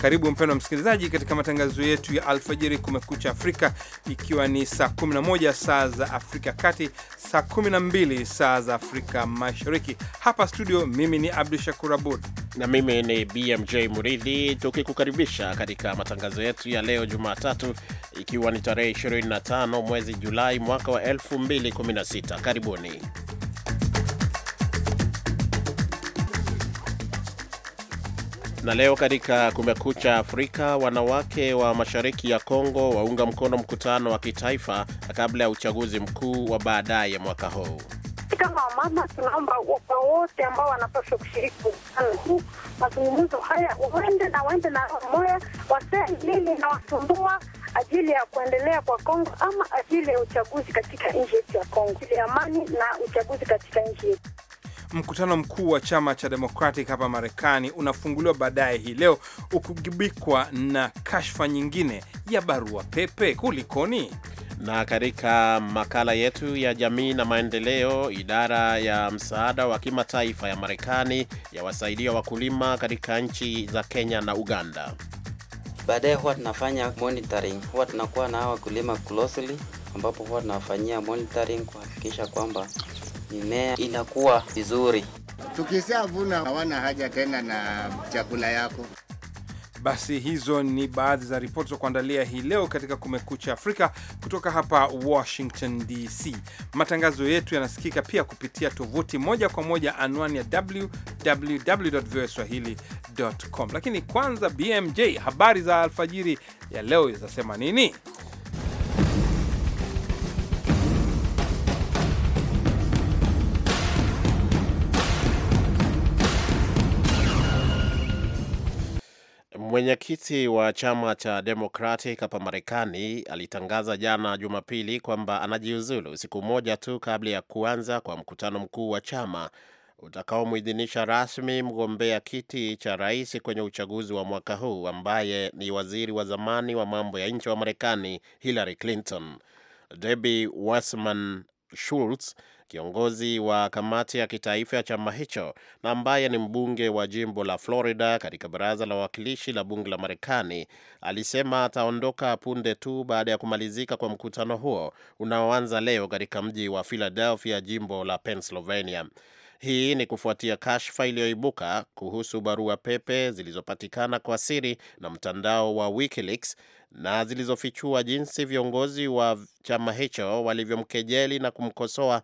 Karibu mpendwa msikilizaji, katika matangazo yetu ya alfajiri, kumekucha Afrika, ikiwa ni saa 11 saa za Afrika kati, saa 12 saa za Afrika Mashariki. Hapa studio, mimi ni Abdu Shakur Abud na mimi ni BMJ Muridhi, tukikukaribisha katika matangazo yetu ya leo Jumatatu, ikiwa ni tarehe 25 mwezi Julai mwaka wa 2016. Karibuni. Na leo katika Kumekucha Afrika, wanawake wa mashariki ya Kongo waunga mkono mkutano wa kitaifa kabla ya uchaguzi mkuu wa baadaye mwaka huu. Kama wamama, tunaomba wote ambao wanapaswa kushiriki mkutano huu, mazungumzo haya waende na waende na moya, waseme nini inawasumbua ajili ya kuendelea kwa Kongo ama ajili ya uchaguzi katika nchi yetu ya Kongo, ili amani na uchaguzi katika nchi yetu. Mkutano mkuu wa chama cha Democratic hapa Marekani unafunguliwa baadaye hii leo ukugibikwa na kashfa nyingine ya barua pepe. Kulikoni? Na katika makala yetu ya jamii na maendeleo, idara ya msaada wa kimataifa ya Marekani yawasaidia wakulima katika nchi za Kenya na Uganda. Baadaye huwa tunafanya monitoring, huwa tunakuwa na wakulima closely, ambapo huwa tunawafanyia monitoring kuhakikisha kwamba mimea inakuwa vizuri. Tukishavuna hawana haja tena na chakula yako. Basi hizo ni baadhi za ripoti za kuandalia hii leo katika Kumekucha Afrika kutoka hapa Washington DC. Matangazo yetu yanasikika pia kupitia tovuti moja kwa moja, anwani ya www voa swahili.com. Lakini kwanza, BMJ, habari za alfajiri ya leo zinasema nini? Mwenyekiti wa chama cha Democratic hapa Marekani alitangaza jana Jumapili kwamba anajiuzulu siku moja tu kabla ya kuanza kwa mkutano mkuu wa chama utakaomwidhinisha rasmi mgombea kiti cha rais kwenye uchaguzi wa mwaka huu ambaye ni waziri wa zamani wa mambo ya nje wa Marekani Hillary Clinton. Debbie Wasserman Schultz kiongozi wa kamati ya kitaifa ya chama hicho na ambaye ni mbunge wa jimbo la Florida katika baraza la wawakilishi la bunge la Marekani alisema ataondoka punde tu baada ya kumalizika kwa mkutano huo unaoanza leo katika mji wa Philadelphia, jimbo la Pennsylvania. Hii ni kufuatia kashfa iliyoibuka kuhusu barua pepe zilizopatikana kwa siri na mtandao wa WikiLeaks na zilizofichua jinsi viongozi wa chama hicho walivyomkejeli na kumkosoa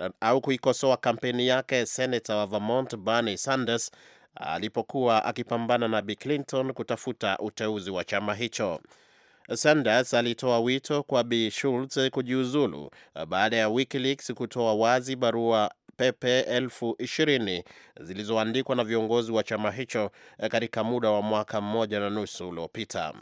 Eh, au kuikosoa kampeni yake senata wa Vermont Bernie Sanders alipokuwa akipambana na Bi Clinton kutafuta uteuzi wa chama hicho. Sanders alitoa wito kwa Bi Schultz kujiuzulu eh, baada ya WikiLeaks kutoa wazi barua pepe elfu ishirini zilizoandikwa na viongozi wa chama hicho eh, katika muda wa mwaka mmoja na nusu uliopita.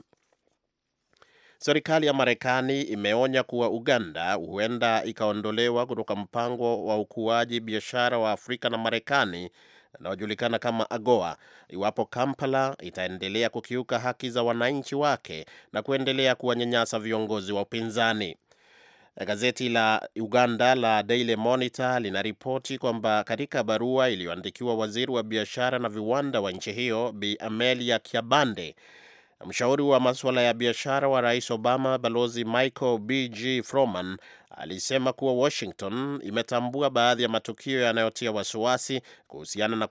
Serikali ya Marekani imeonya kuwa Uganda huenda ikaondolewa kutoka mpango wa ukuaji biashara wa Afrika na Marekani anayojulikana kama AGOA iwapo Kampala itaendelea kukiuka haki za wananchi wake na kuendelea kuwanyanyasa viongozi wa upinzani. Gazeti la Uganda la Daily Monitor linaripoti kwamba katika barua iliyoandikiwa waziri wa biashara na viwanda wa nchi hiyo Bi Amelia Kiabande Mshauri wa masuala ya biashara wa Rais Obama, Balozi Michael BG Froman alisema kuwa Washington imetambua baadhi ya matukio yanayotia wasiwasi kuhusiana na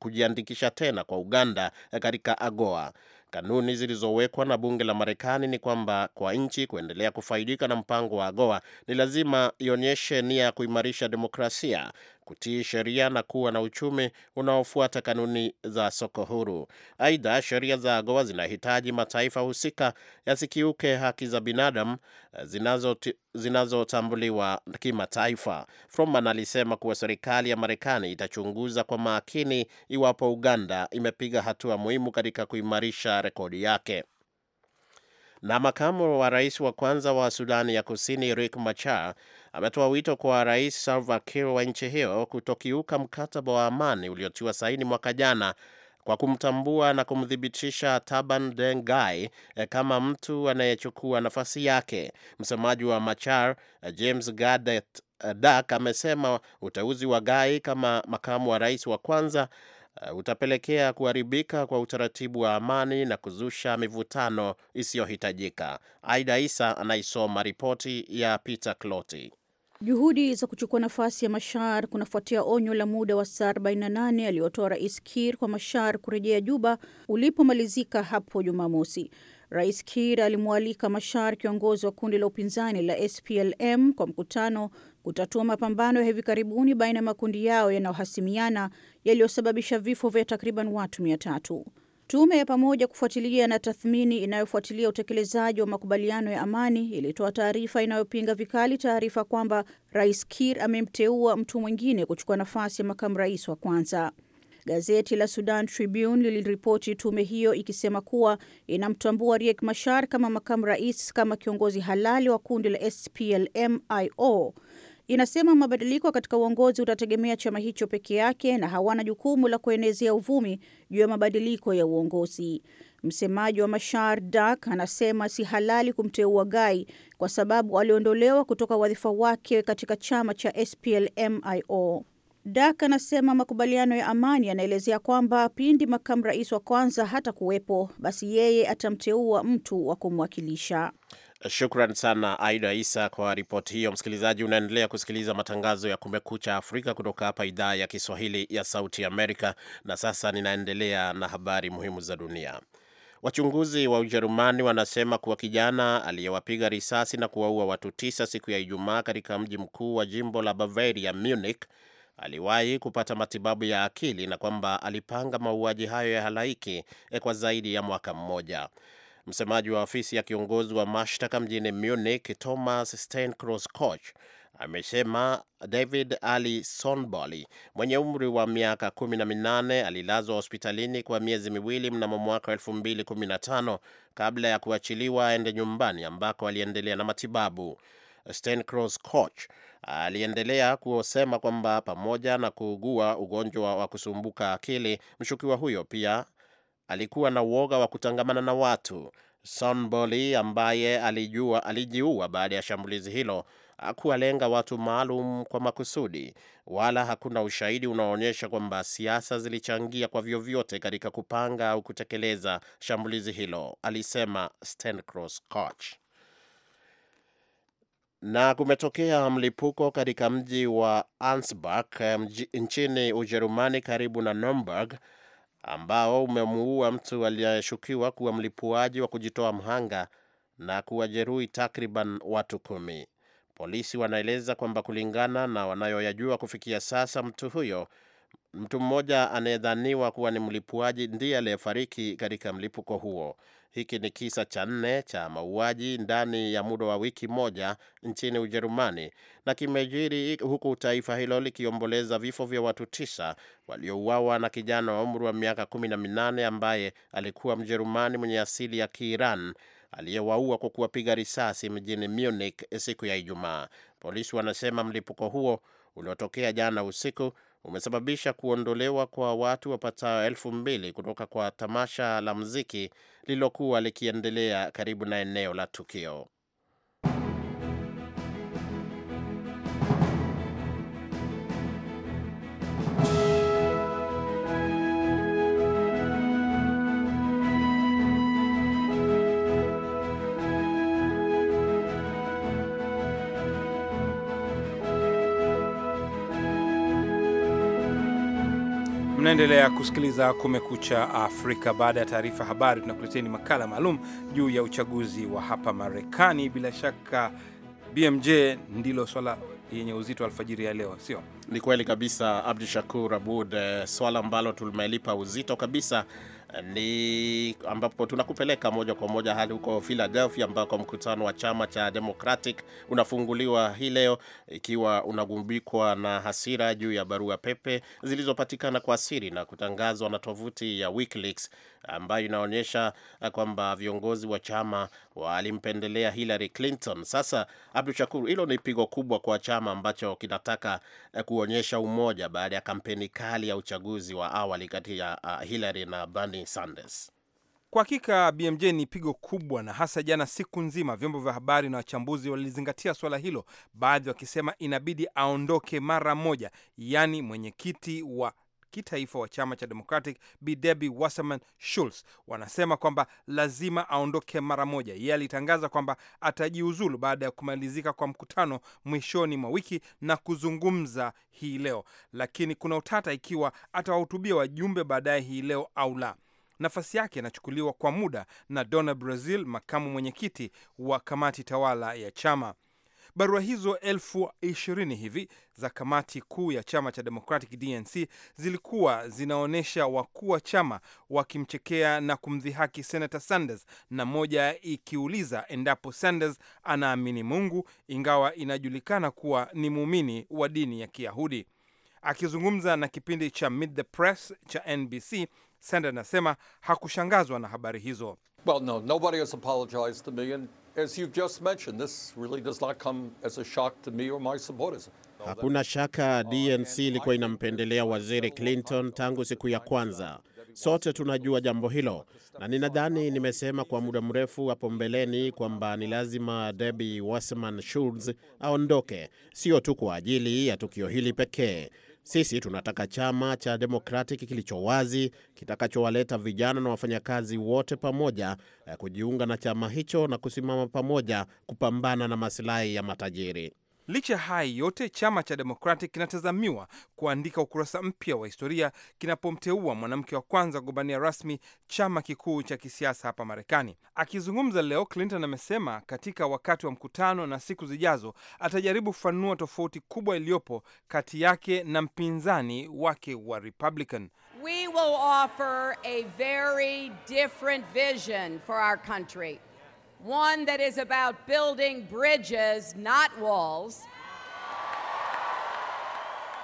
kujiandikisha tena kwa Uganda katika AGOA. Kanuni zilizowekwa na bunge la Marekani ni kwamba kwa nchi kuendelea kufaidika na mpango wa AGOA ni lazima ionyeshe nia ya kuimarisha demokrasia, kutii sheria na kuwa na uchumi unaofuata kanuni za soko huru. Aidha, sheria za AGOA zinahitaji mataifa husika yasikiuke haki za binadamu eh, zinazotambuliwa zinazo kimataifa. Froman alisema kuwa serikali ya Marekani itachunguza kwa makini iwapo Uganda imepiga hatua muhimu katika kuimarisha rekodi yake. Na makamu wa rais wa kwanza wa Sudani ya Kusini Riek Machar ametoa wito kwa Rais Salva Kiir wa nchi hiyo kutokiuka mkataba wa amani uliotiwa saini mwaka jana kwa kumtambua na kumthibitisha Taban Deng Gai eh, kama mtu anayechukua nafasi yake. Msemaji wa Machar eh, James Gadet eh, Dak amesema uteuzi wa Gai kama makamu wa rais wa kwanza Eh, utapelekea kuharibika kwa utaratibu wa amani na kuzusha mivutano isiyohitajika. Aida Isa anaisoma ripoti ya Peter Cloti. Juhudi za kuchukua nafasi ya Mashar kunafuatia onyo la muda wa saa 48 aliyotoa Rais Kir kwa Mashar kurejea Juba ulipomalizika hapo Jumamosi. Rais Kiir alimwalika Machar, kiongozi wa kundi la upinzani la SPLM, kwa mkutano kutatua mapambano ya hivi karibuni baina ya makundi yao yanayohasimiana yaliyosababisha vifo vya takriban watu mia tatu. Tume ya pamoja kufuatilia na tathmini inayofuatilia utekelezaji wa makubaliano ya amani ilitoa taarifa inayopinga vikali taarifa kwamba Rais kir amemteua mtu mwingine kuchukua nafasi ya makamu rais wa kwanza. Gazeti la Sudan Tribune liliripoti tume hiyo ikisema kuwa inamtambua Riek mashar kama makamu rais kama kiongozi halali wa kundi la splmio Inasema mabadiliko katika uongozi utategemea chama hicho peke yake na hawana jukumu la kuenezea uvumi juu ya mabadiliko ya uongozi. Msemaji wa mashar Dak anasema si halali kumteua Gai kwa sababu aliondolewa kutoka wadhifa wake katika chama cha splmio Dak anasema makubaliano ya amani yanaelezea kwamba pindi makamu rais wa kwanza hata kuwepo, basi yeye atamteua mtu wa kumwakilisha. Shukran sana Aida Isa kwa ripoti hiyo. Msikilizaji, unaendelea kusikiliza matangazo ya Kumekucha Afrika kutoka hapa idhaa ya Kiswahili ya Sauti Amerika. Na sasa ninaendelea na habari muhimu za dunia. Wachunguzi wa Ujerumani wanasema kuwa kijana aliyewapiga risasi na kuwaua watu tisa siku ya Ijumaa katika mji mkuu wa jimbo la Bavaria, Munich, aliwahi kupata matibabu ya akili na kwamba alipanga mauaji hayo ya halaiki eh, kwa zaidi ya mwaka mmoja. Msemaji wa ofisi ya kiongozi wa mashtaka mjini Munich, Thomas Steinkroos Koch, amesema David Ali Sonboli mwenye umri wa miaka kumi na minane alilazwa hospitalini kwa miezi miwili mnamo mwaka elfu mbili kumi na tano kabla ya kuachiliwa aende nyumbani ambako aliendelea na matibabu. Steinkroos Koch Aliendelea kusema kwamba pamoja na kuugua ugonjwa wa kusumbuka akili, mshukiwa huyo pia alikuwa na uoga wa kutangamana na watu. Sonboli ambaye alijua, alijiua baada ya shambulizi hilo hakuwalenga watu maalum kwa makusudi, wala hakuna ushahidi unaoonyesha kwamba siasa zilichangia kwa vyovyote katika kupanga au kutekeleza shambulizi hilo, alisema Sten coch na kumetokea mlipuko katika mji wa Ansbach eh, nchini Ujerumani karibu na Nuremberg ambao umemuua mtu aliyeshukiwa kuwa mlipuaji wa kujitoa mhanga na kuwajeruhi takriban watu kumi. Polisi wanaeleza kwamba kulingana na wanayoyajua kufikia sasa, mtu huyo mtu mmoja anayedhaniwa kuwa ni mlipuaji ndiye aliyefariki katika mlipuko huo. Hiki ni kisa cha nne cha mauaji ndani ya muda wa wiki moja nchini Ujerumani na kimejiri huku taifa hilo likiomboleza vifo vya watu tisa waliouawa na kijana wa umri wa miaka kumi na minane ambaye alikuwa Mjerumani mwenye asili ya Kiiran aliyewaua kwa kuwapiga risasi mjini Munich siku ya Ijumaa. Polisi wanasema mlipuko huo uliotokea jana usiku umesababisha kuondolewa kwa watu wapatao elfu mbili kutoka kwa tamasha la mziki lililokuwa likiendelea karibu na eneo la tukio. Mnaendelea kusikiliza Kumekucha Afrika. Baada ya taarifa habari, tunakuleteni makala maalum juu ya uchaguzi wa hapa Marekani. Bila shaka BMJ ndilo swala yenye uzito alfajiri ya leo, sio? Ni kweli kabisa, Abdu Shakur Abud. Eh, swala ambalo tumelipa uzito kabisa ni ambapo tunakupeleka moja kwa moja hadi huko Philadelphia ambako mkutano wa chama cha Democratic unafunguliwa hii leo ikiwa unagumbikwa na hasira juu ya barua pepe zilizopatikana kwa siri na kutangazwa na tovuti ya WikiLeaks ambayo inaonyesha eh, kwamba viongozi wa chama walimpendelea Hillary Clinton. Sasa Abdu Shakur, hilo ni pigo kubwa kwa chama ambacho kinataka eh, kuonyesha umoja baada ya kampeni kali ya uchaguzi wa awali kati ya ah, Hillary na Bernie Sanders. Kwa hakika BMJ ni pigo kubwa, na hasa jana siku nzima vyombo vya habari na wachambuzi walizingatia swala hilo, baadhi wakisema inabidi aondoke mara moja, yaani mwenyekiti wa kitaifa wa chama cha Democratic Bi Debbie Wasserman Schultz wanasema kwamba lazima aondoke mara moja. Yeye alitangaza kwamba atajiuzulu baada ya kumalizika kwa mkutano mwishoni mwa wiki na kuzungumza hii leo, lakini kuna utata ikiwa atawahutubia wajumbe baadaye hii leo au la. Nafasi yake inachukuliwa kwa muda na Donna brazil makamu mwenyekiti wa kamati tawala ya chama. Barua hizo elfu ishirini hivi za kamati kuu ya chama cha Democratic DNC zilikuwa zinaonyesha wakuu wa chama wakimchekea na kumdhihaki Senator Sanders, na moja ikiuliza endapo Sanders anaamini Mungu, ingawa inajulikana kuwa ni muumini wa dini ya Kiyahudi. Akizungumza na kipindi cha Meet the Press cha NBC, Sanders anasema hakushangazwa na habari hizo. Well, no, nobody has apologized to me and... As you've just mentioned, this really does not come as a shock to me or my supporters. Hakuna shaka DNC ilikuwa inampendelea Waziri Clinton tangu siku ya kwanza. Sote tunajua jambo hilo, na ninadhani nimesema kwa muda mrefu hapo mbeleni kwamba ni lazima Debbie Wasserman Schultz aondoke, sio tu kwa ajili ya tukio hili pekee sisi tunataka chama cha Democratic kilicho wazi kitakachowaleta vijana na wafanyakazi wote pamoja eh, kujiunga na chama hicho na kusimama pamoja kupambana na masilahi ya matajiri. Licha ya haya yote, chama cha Democratic kinatazamiwa kuandika ukurasa mpya wa historia kinapomteua mwanamke wa kwanza kugombania rasmi chama kikuu cha kisiasa hapa Marekani. Akizungumza leo, Clinton amesema katika wakati wa mkutano na siku zijazo atajaribu kufanua tofauti kubwa iliyopo kati yake na mpinzani wake wa Republican. We will offer a very different vision for our country one that is about building bridges, not walls.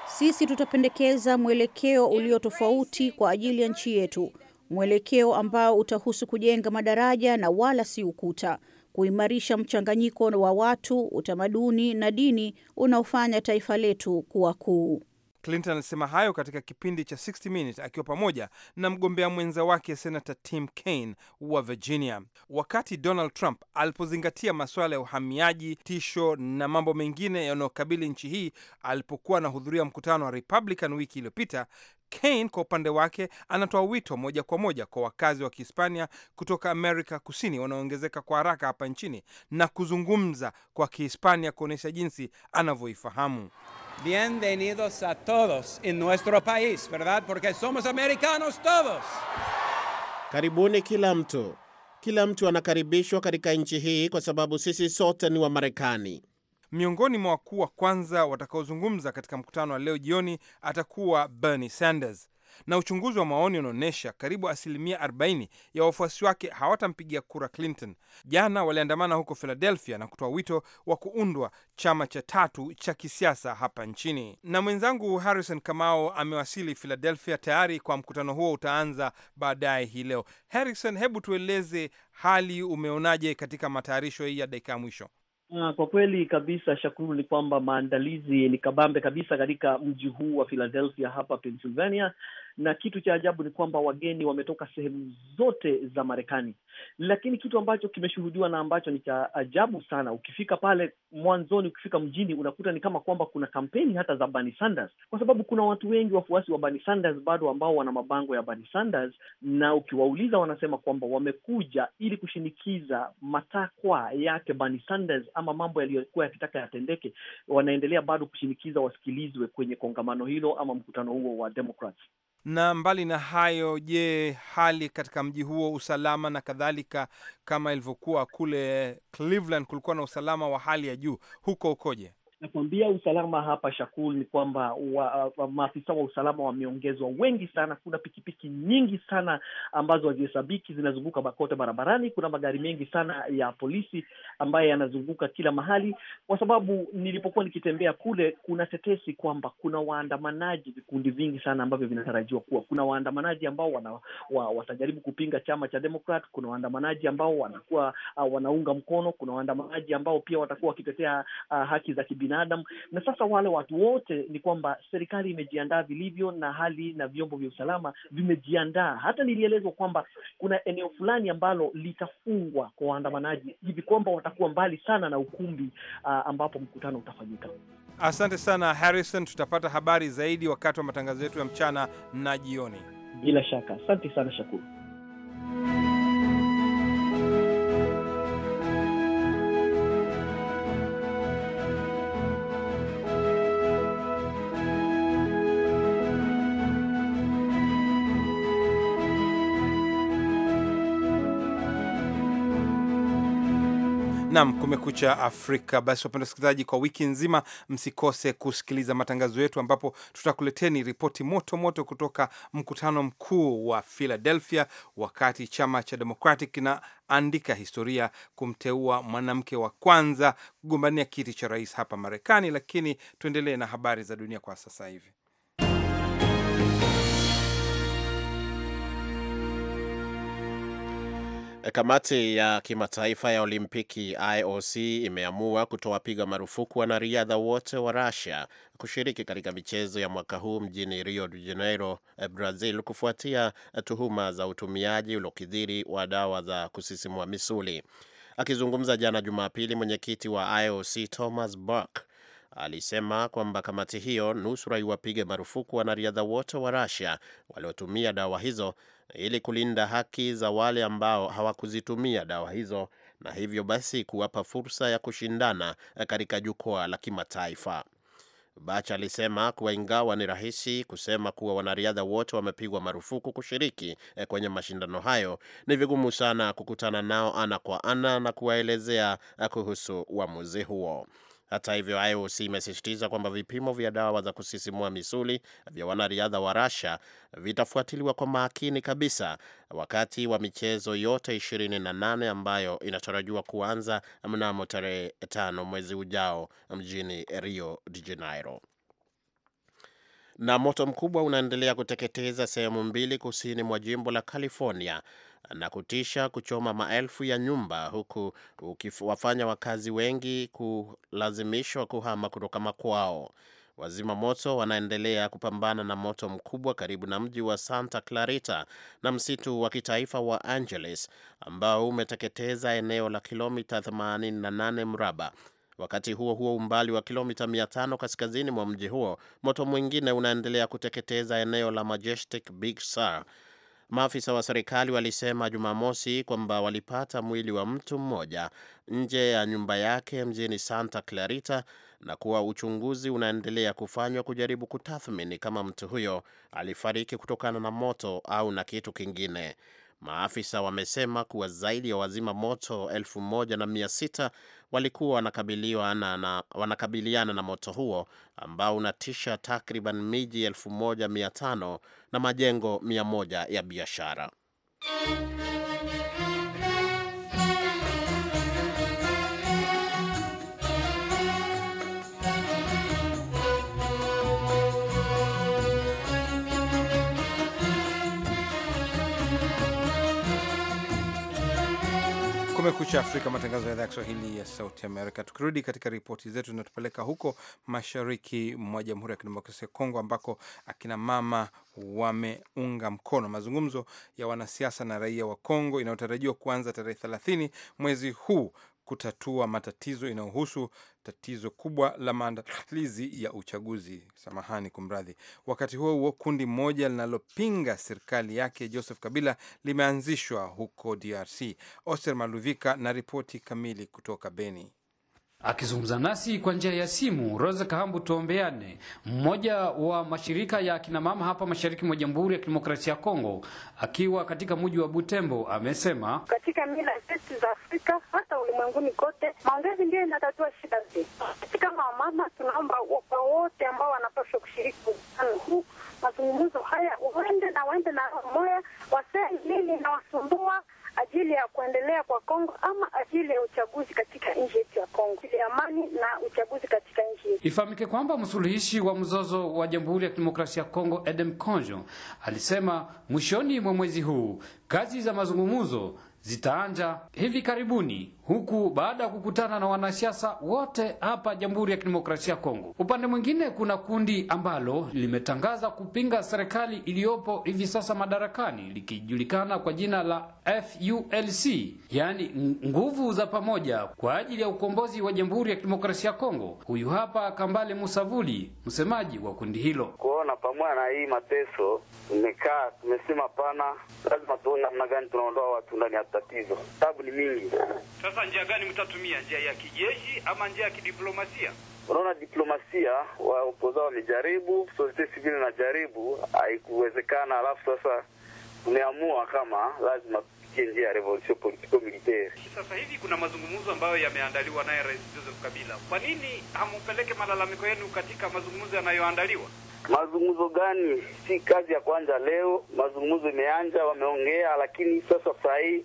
Sisi tutapendekeza mwelekeo ulio tofauti kwa ajili ya nchi yetu, mwelekeo ambao utahusu kujenga madaraja na wala si ukuta, kuimarisha mchanganyiko wa watu, utamaduni na dini unaofanya taifa letu kuwa kuu. Clinton alisema hayo katika kipindi cha 60 Minutes akiwa pamoja na mgombea mwenza wake senata Tim Kaine wa Virginia. Wakati Donald Trump alipozingatia masuala ya uhamiaji, tisho na mambo mengine yanayokabili nchi hii alipokuwa anahudhuria mkutano wa Republican wiki iliyopita, Kaine kwa upande wake anatoa wito moja kwa moja kwa wakazi wa Kihispania kutoka Amerika Kusini wanaoongezeka kwa haraka hapa nchini na kuzungumza kwa Kihispania kuonyesha jinsi anavyoifahamu. Bienvenidos a todos en nuestro país, ¿verdad? Porque somos americanos todos. Karibuni kila mtu. Kila mtu anakaribishwa katika nchi hii kwa sababu sisi sote ni Wamarekani. Miongoni mwa wakuu wa kwanza watakaozungumza katika mkutano wa leo jioni atakuwa Bernie Sanders na uchunguzi wa maoni unaonyesha karibu asilimia 40 ya wafuasi wake hawatampigia kura Clinton. Jana waliandamana huko Philadelphia na kutoa wito wa kuundwa chama cha tatu cha kisiasa hapa nchini. Na mwenzangu Harrison Kamao amewasili Philadelphia tayari kwa mkutano huo, utaanza baadaye hii leo. Harrison, hebu tueleze hali umeonaje katika matayarisho hii ya dakika ya mwisho? Ah, kwa kweli kabisa, Shakuru, ni kwamba maandalizi ni kabambe kabisa katika mji huu wa Philadelphia hapa Pennsylvania, na kitu cha ajabu ni kwamba wageni wametoka sehemu zote za Marekani, lakini kitu ambacho kimeshuhudiwa na ambacho ni cha ajabu sana, ukifika pale mwanzoni, ukifika mjini, unakuta ni kama kwamba kuna kampeni hata za Bernie Sanders, kwa sababu kuna watu wengi wafuasi wa Bernie Sanders bado ambao wana mabango ya Bernie Sanders, na ukiwauliza wanasema kwamba wamekuja ili kushinikiza matakwa yake Bernie Sanders ama mambo yaliyokuwa yakitaka yatendeke. Wanaendelea bado kushinikiza wasikilizwe kwenye kongamano hilo ama mkutano huo wa Democrats. Na mbali na hayo, je, hali katika mji huo usalama na kadhalika, kama ilivyokuwa kule Cleveland, kulikuwa na usalama wa hali ya juu, huko ukoje? nakuambia usalama hapa Shakul ni kwamba maafisa wa usalama wameongezwa wengi sana. Kuna pikipiki nyingi sana ambazo hazihesabiki zinazunguka kote barabarani. Kuna magari mengi sana ya polisi ambaye yanazunguka kila mahali, kwa sababu nilipokuwa nikitembea kule, kuna tetesi kwamba kuna waandamanaji, vikundi vingi sana ambavyo vinatarajiwa kuwa kuna waandamanaji ambao wana, wa, watajaribu kupinga chama cha demokrat Kuna waandamanaji ambao wanakuwa uh, wanaunga mkono. Kuna waandamanaji ambao pia watakuwa wakitetea uh, haki za kibi kibinadamu. Na sasa wale watu wote ni kwamba serikali imejiandaa vilivyo, na hali na vyombo vya usalama vimejiandaa. Hata nilielezwa kwamba kuna eneo fulani ambalo litafungwa kwa waandamanaji hivi kwamba watakuwa mbali sana na ukumbi uh, ambapo mkutano utafanyika. Asante sana Harrison, tutapata habari zaidi wakati wa matangazo yetu ya mchana na jioni. Bila shaka, asante sana Shakuru. Nam, kumekucha Afrika. Basi wapenda wasikilizaji, kwa wiki nzima msikose kusikiliza matangazo yetu, ambapo tutakuleteni ripoti moto moto kutoka mkutano mkuu wa Philadelphia, wakati chama cha Democratic kinaandika historia kumteua mwanamke wa kwanza kugombania kiti cha rais hapa Marekani. Lakini tuendelee na habari za dunia kwa sasa hivi. Eh, kamati ya kimataifa ya Olimpiki IOC imeamua kutowapiga marufuku wanariadha wote wa Russia kushiriki katika michezo ya mwaka huu mjini Rio de Janeiro, eh, Brazil, kufuatia eh, tuhuma za utumiaji uliokidhiri wa dawa za kusisimua misuli. Akizungumza jana Jumapili, mwenyekiti wa IOC Thomas Bach alisema kwamba kamati hiyo nusura iwapige marufuku wanariadha wote wa Russia waliotumia dawa hizo ili kulinda haki za wale ambao hawakuzitumia dawa hizo na hivyo basi kuwapa fursa ya kushindana eh, katika jukwaa la kimataifa. Bach alisema kuwa ingawa ni rahisi kusema kuwa wanariadha wote wamepigwa marufuku kushiriki eh, kwenye mashindano hayo, ni vigumu sana kukutana nao ana kwa ana na kuwaelezea eh, kuhusu uamuzi huo. Hata hivyo, IOC imesisitiza kwamba vipimo vya dawa za kusisimua misuli vya wanariadha wa Russia vitafuatiliwa kwa makini kabisa wakati wa michezo yote 28 ambayo inatarajiwa kuanza mnamo tarehe tano mwezi ujao mjini Rio de Janeiro. Na moto mkubwa unaendelea kuteketeza sehemu mbili kusini mwa jimbo la California na kutisha kuchoma maelfu ya nyumba huku ukiwafanya wakazi wengi kulazimishwa kuhama kutoka makwao. Wazima moto wanaendelea kupambana na moto mkubwa karibu na mji wa Santa Clarita na msitu wa kitaifa wa Angeles ambao umeteketeza eneo la kilomita 88 mraba. Wakati huo huo, umbali wa kilomita 500 kaskazini mwa mji huo, moto mwingine unaendelea kuteketeza eneo la Majestic Big Sur Maafisa wa serikali walisema Jumamosi kwamba walipata mwili wa mtu mmoja nje ya nyumba yake mjini Santa Clarita na kuwa uchunguzi unaendelea kufanywa kujaribu kutathmini kama mtu huyo alifariki kutokana na moto au na kitu kingine. Maafisa wamesema kuwa zaidi ya wazima moto 1600 walikuwa wanakabiliana na, na, wanakabiliana na moto huo ambao unatisha takriban miji 1500 na majengo 1 ya biashara. Kumekucha Afrika, matangazo ya idhaa ya Kiswahili ya Sauti Amerika. Tukirudi katika ripoti zetu, zinatupeleka huko mashariki mwa Jamhuri ya Kidemokrasia ya Kongo, ambako akina mama wameunga mkono mazungumzo ya wanasiasa na raia wa Kongo inayotarajiwa kuanza tarehe 30 mwezi huu kutatua matatizo inayohusu tatizo kubwa la maandalizi ya uchaguzi. Samahani, kumradhi. Wakati huo huo, kundi moja linalopinga serikali yake Joseph Kabila limeanzishwa huko DRC. Oster Maluvika na ripoti kamili kutoka Beni. Akizungumza nasi kwa njia ya simu, Rose Kahambu Tuombeane, mmoja wa mashirika ya mama hapa mashariki mwa Jamhuri ya Kidemokrasia ya Kongo, akiwa katika mji wa Butembo, amesema katika mila zetu za Afrika hata ulimwenguni kote, maongezi ndiyo inatatua shida zetu. Katika mama, tunaomba kwa wote ambao wanapaswa kushiriki mkutano huu, mazungumzo haya, uende na waende na moya, waseme nini inawasumbua ajili ya kuendelea kwa Kongo ama ajili ya uchaguzi katika nchi yetu ya Kongo, ili amani na uchaguzi katika nchi yetu. Ifahamike kwamba msuluhishi wa mzozo wa Jamhuri ya Kidemokrasia ya Kongo Edem Konjo alisema mwishoni mwa mwezi huu kazi za mazungumzo zitaanja hivi karibuni huku baada ya kukutana na wanasiasa wote hapa Jamhuri ya Kidemokrasia ya Kongo. Upande mwingine, kuna kundi ambalo limetangaza kupinga serikali iliyopo hivi sasa madarakani likijulikana kwa jina la FULC, yaani nguvu za pamoja kwa ajili ya ukombozi wa Jamhuri ya Kidemokrasia ya Kongo. Huyu hapa Kambale Musavuli, msemaji wa kundi hilo. Kuona pamoja na hii mateso, tumekaa tumesema, pana lazima tuone namna gani tunaondoa watu ndani ya tatizo, sababu ni mingi sasa njia gani mtatumia, njia ya kijeshi ama njia ya kidiplomasia? Unaona, diplomasia waopoza wamejaribu, society civil inajaribu, haikuwezekana. Alafu sasa tumeamua kama lazima tupitie njia ya revolution politico militaire. Sasa hivi kuna mazungumzo ambayo yameandaliwa naye Rais Joseph Kabila. Kwa nini hampeleke malalamiko yenu katika mazungumzo yanayoandaliwa? Mazungumzo gani? Si kazi ya kwanza leo, mazungumzo imeanja, wameongea, lakini sasa saa hii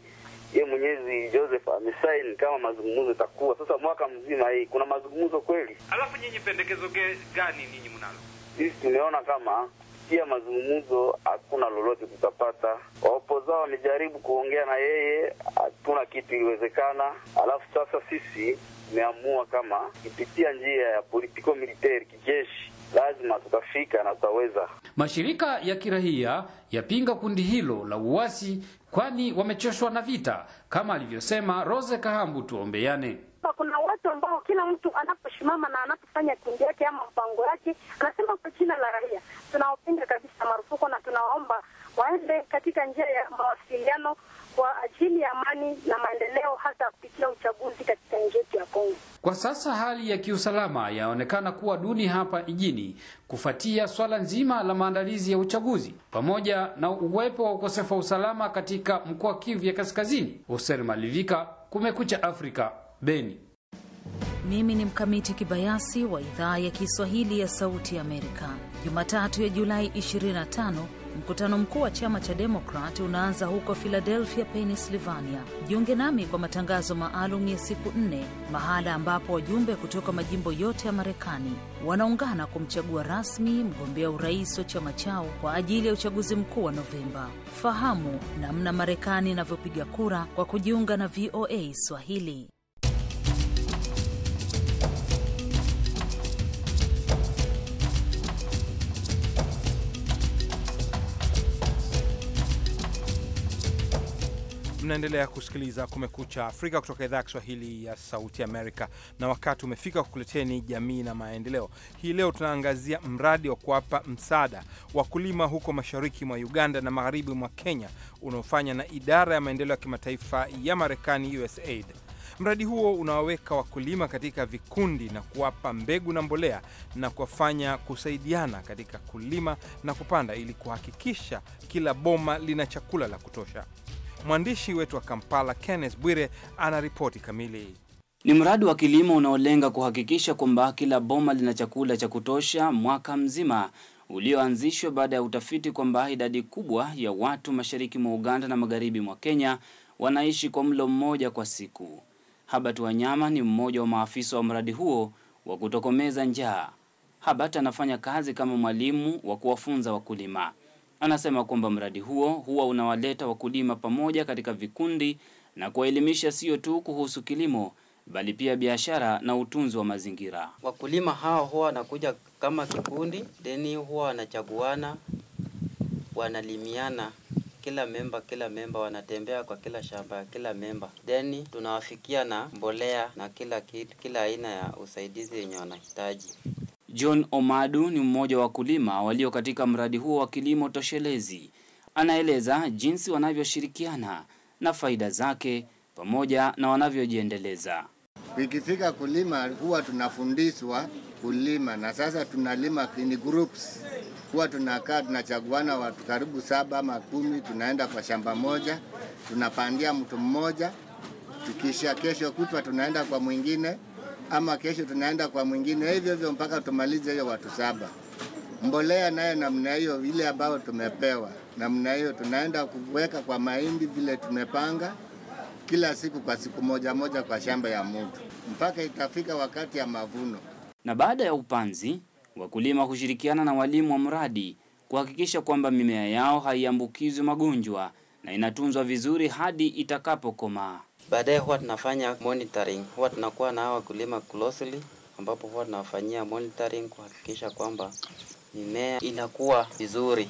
ye mwenyezi Joseph amesaini kama mazungumzo itakuwa sasa mwaka mzima hii kuna mazungumzo kweli. Alafu nyinyi pendekezo gani ninyi mnalo? Sisi tumeona kama kupitia mazungumzo hakuna lolote tutapata. Waopoza wamejaribu kuongea na yeye, hatuna kitu iliwezekana. Alafu sasa sisi tumeamua kama kupitia njia ya politiko militeri kijeshi lazima tutafika na tutaweza. Mashirika ya kirahia yapinga kundi hilo la uasi kwani wamechoshwa na vita, kama alivyosema Rose Kahambu. Tuombeane. Kuna watu ambao kila mtu anaposhimama na anapofanya kundi yake ama mpango yake anasema kwa jina la raia, tunawapinga kabisa marufuku, na tunawaomba waende katika njia ya mawasiliano kwa ajili ya amani na maendeleo, hata kupitia uchaguzi katika nchi yetu ya Kongo. Kwa sasa hali ya kiusalama yaonekana kuwa duni hapa jijini kufuatia swala nzima la maandalizi ya uchaguzi pamoja na uwepo wa ukosefu wa usalama katika mkoa Kivu ya Kaskazini. Hussein Malivika, Kumekucha Afrika, Beni. Mimi ni mkamiti kibayasi wa idhaa ya Kiswahili ya Sauti ya Amerika. Jumatatu ya Julai 25 Mkutano mkuu wa chama cha Demokrat unaanza huko Philadelphia, Pennsylvania. Jiunge nami kwa matangazo maalum ya siku nne, mahala ambapo wajumbe kutoka majimbo yote ya Marekani wanaungana kumchagua rasmi mgombea urais wa chama chao kwa ajili ya uchaguzi mkuu wa Novemba. Fahamu namna Marekani inavyopiga kura kwa kujiunga na VOA Swahili. Mnaendelea kusikiliza Kumekucha Afrika kutoka idhaa ya Kiswahili ya Sauti Amerika, na wakati umefika kukuleteni Jamii na Maendeleo. Hii leo tunaangazia mradi wa kuwapa msaada wakulima huko mashariki mwa Uganda na magharibi mwa Kenya unaofanya na idara ya maendeleo ya kimataifa ya Marekani, USAID. Mradi huo unawaweka wakulima katika vikundi na kuwapa mbegu na mbolea na kuwafanya kusaidiana katika kulima na kupanda ili kuhakikisha kila boma lina chakula la kutosha. Mwandishi wetu wa Kampala, Kenneth Bwire, ana ripoti kamili. Ni mradi wa kilimo unaolenga kuhakikisha kwamba kila boma lina chakula cha kutosha mwaka mzima, ulioanzishwa baada ya utafiti kwamba idadi kubwa ya watu mashariki mwa Uganda na magharibi mwa Kenya wanaishi kwa mlo mmoja kwa siku. Habat Wanyama ni mmoja wa maafisa wa mradi huo wa kutokomeza njaa. Habat anafanya kazi kama mwalimu wa kuwafunza wakulima. Anasema kwamba mradi huo huwa unawaleta wakulima pamoja katika vikundi na kuwaelimisha sio tu kuhusu kilimo bali pia biashara na utunzi wa mazingira. Wakulima hao huwa wanakuja kama kikundi, deni huwa wanachaguana, wanalimiana kila memba kila memba wanatembea kwa kila shamba ya kila memba, deni, tunawafikia na mbolea na kila kitu, kila aina ya usaidizi yenye wanahitaji. John Omadu ni mmoja wa wakulima walio katika mradi huo wa kilimo toshelezi. Anaeleza jinsi wanavyoshirikiana na faida zake pamoja na wanavyojiendeleza. Ikifika kulima huwa tunafundishwa kulima, na sasa tunalima in groups. Huwa tunakaa tunachaguana watu karibu saba ama kumi, tunaenda kwa shamba moja, tunapandia mtu mmoja, tukisha kesho kutwa tunaenda kwa mwingine ama kesho tunaenda kwa mwingine, hivyo hivyo mpaka tumalize hiyo watu saba. Mbolea nayo namna hiyo, ile ambayo tumepewa namna hiyo, tunaenda kuweka kwa mahindi vile tumepanga kila siku kwa siku moja moja kwa shamba ya mtu mpaka itafika wakati ya mavuno. Na baada ya upanzi, wakulima hushirikiana na walimu wa mradi kuhakikisha kwamba mimea yao haiambukizwi magonjwa na inatunzwa vizuri hadi itakapokomaa. Baadaye huwa tunafanya monitoring, huwa tunakuwa na hawa wakulima closely, ambapo huwa tunawafanyia monitoring kuhakikisha kwamba mimea inakuwa vizuri.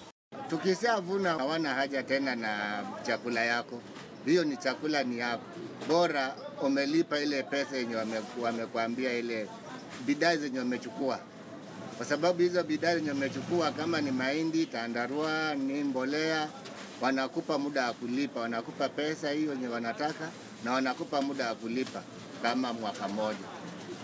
Tukishavuna hawana haja tena na chakula yako, hiyo ni chakula ni yako, bora umelipa ile pesa yenye wamekuambia ile bidhaa zenye wamechukua, kwa sababu hizo bidhaa zenye wamechukua kama ni mahindi, tandarua, ni mbolea, wanakupa muda wa kulipa, wanakupa pesa hiyo yenye wanataka na wanakupa muda wa kulipa kama mwaka mmoja.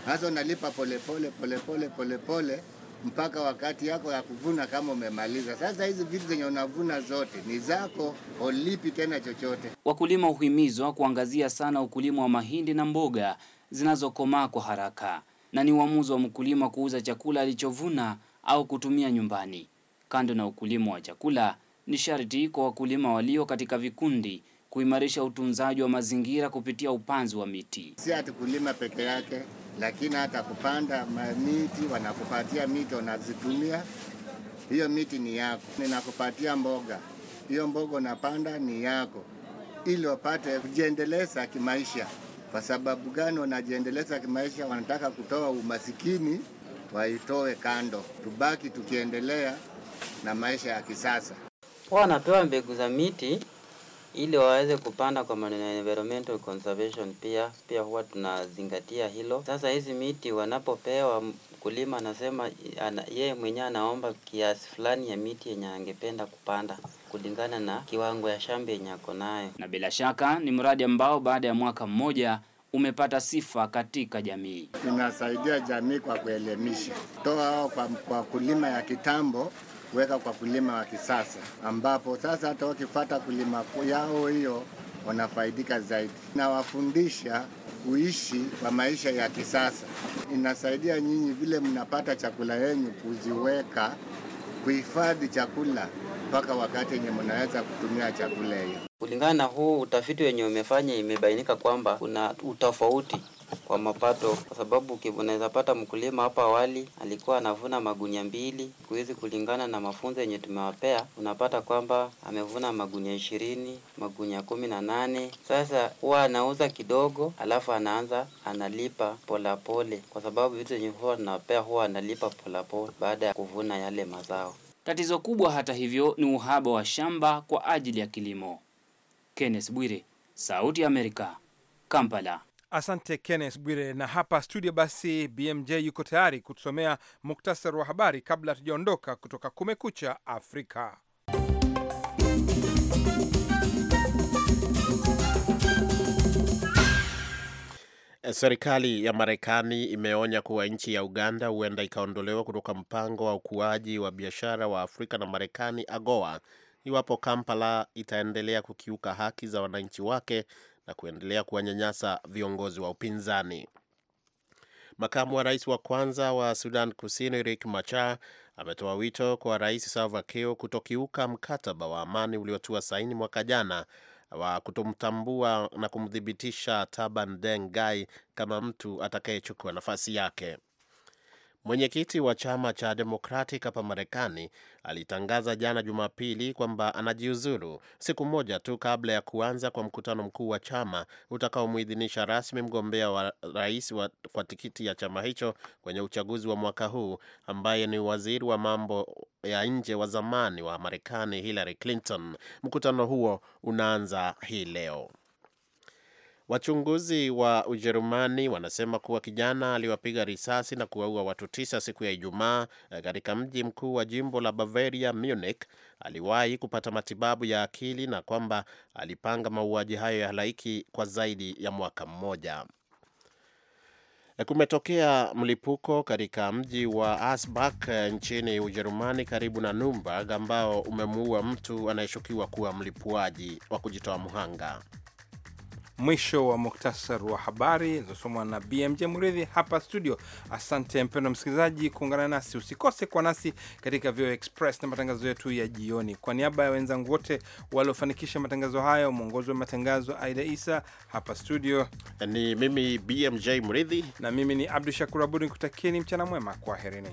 Sasa unalipa polepole polepole polepole mpaka wakati yako ya kuvuna kama umemaliza. Sasa hizi vitu zenye unavuna zote ni zako, holipi tena chochote. Wakulima huhimizwa kuangazia sana ukulima wa mahindi na mboga zinazokomaa kwa haraka, na ni uamuzi wa mkulima kuuza chakula alichovuna au kutumia nyumbani. Kando na ukulima wa chakula, ni sharti kwa wakulima walio katika vikundi kuimarisha utunzaji wa mazingira kupitia upanzi wa miti. Si ati kulima peke yake, lakini hata kupanda miti. Wanakupatia miti, unazitumia hiyo miti ni yako. Ninakupatia mboga, hiyo mboga unapanda ni yako, ili wapate kujiendeleza kimaisha. Kwa sababu gani wanajiendeleza kimaisha? Wanataka kutoa umasikini, waitoe kando, tubaki tukiendelea na maisha ya kisasa. Wanapewa mbegu za miti ili waweze kupanda kwa maneno ya environmental conservation. Pia pia huwa tunazingatia hilo. Sasa hizi miti wanapopewa mkulima, anasema yeye mwenyewe anaomba kiasi fulani ya miti yenye angependa kupanda kulingana na kiwango ya shamba yenye ako nayo, na bila shaka ni mradi ambao baada ya mwaka mmoja umepata sifa katika jamii. Tunasaidia jamii kwa kuelimisha toa kwa, kwa kulima ya kitambo kuweka kwa kulima wa kisasa, ambapo sasa hata wakifata kulima yao hiyo wanafaidika zaidi. Nawafundisha kuishi kwa maisha ya kisasa, inasaidia nyinyi vile mnapata chakula yenyu kuziweka, kuhifadhi chakula mpaka wakati wenye mnaweza kutumia chakula hiyo. Kulingana na huu utafiti wenye umefanya, imebainika kwamba kuna utofauti kwa mapato, kwa sababu unaweza pata mkulima hapa awali alikuwa anavuna magunia mbili, siku kulingana na mafunzo yenye tumewapea unapata kwamba amevuna magunia ishirini, magunia kumi na nane. Sasa huwa anauza kidogo, alafu anaanza analipa polapole, kwa sababu vitu yenye huwa tunawapea huwa analipa polapole baada ya kuvuna yale mazao. Tatizo kubwa hata hivyo ni uhaba wa shamba kwa ajili ya kilimo. Kenneth Bwire, Sauti ya Amerika, Kampala. Asante Kenneth Bwire. Na hapa studio basi, BMJ yuko tayari kutusomea muktasari wa habari kabla hatujaondoka kutoka Kumekucha Afrika. Serikali ya Marekani imeonya kuwa nchi ya Uganda huenda ikaondolewa kutoka mpango wa ukuaji wa biashara wa Afrika na Marekani AGOA iwapo Kampala itaendelea kukiuka haki za wananchi wake na kuendelea kuwanyanyasa viongozi wa upinzani. Makamu wa rais wa kwanza wa Sudan Kusini rik macha ametoa wito kwa Rais Salva Kiir kutokiuka mkataba wa amani uliotua saini mwaka jana wa kutomtambua na kumthibitisha Taban Deng Gai kama mtu atakayechukua nafasi yake. Mwenyekiti wa chama cha Democratic hapa Marekani alitangaza jana Jumapili kwamba anajiuzulu siku moja tu kabla ya kuanza kwa mkutano mkuu wa chama utakaomwidhinisha rasmi mgombea wa rais wa, kwa tikiti ya chama hicho kwenye uchaguzi wa mwaka huu ambaye ni waziri wa mambo ya nje wa zamani wa Marekani Hillary Clinton. Mkutano huo unaanza hii leo. Wachunguzi wa Ujerumani wanasema kuwa kijana aliwapiga risasi na kuwaua watu tisa siku ya Ijumaa eh, katika mji mkuu wa jimbo la Bavaria, Munich, aliwahi kupata matibabu ya akili na kwamba alipanga mauaji hayo ya halaiki kwa zaidi ya mwaka mmoja. Eh, kumetokea mlipuko katika mji wa asbak eh, nchini Ujerumani karibu na Nuremberg ambao umemuua mtu anayeshukiwa kuwa mlipuaji wa kujitoa mhanga. Mwisho wa muktasar wa habari zilizosomwa na BMJ Mridhi hapa studio. Asante mpendo msikilizaji kuungana nasi, usikose kwa nasi katika VOA Express na matangazo yetu ya jioni. Kwa niaba ya wenzangu wote waliofanikisha matangazo hayo, mwongozi wa matangazo Aida Isa hapa studio ni mimi BMJ Mridhi na mimi ni Abdu Shakur Abud, nikutakieni mchana mwema, kwaherini.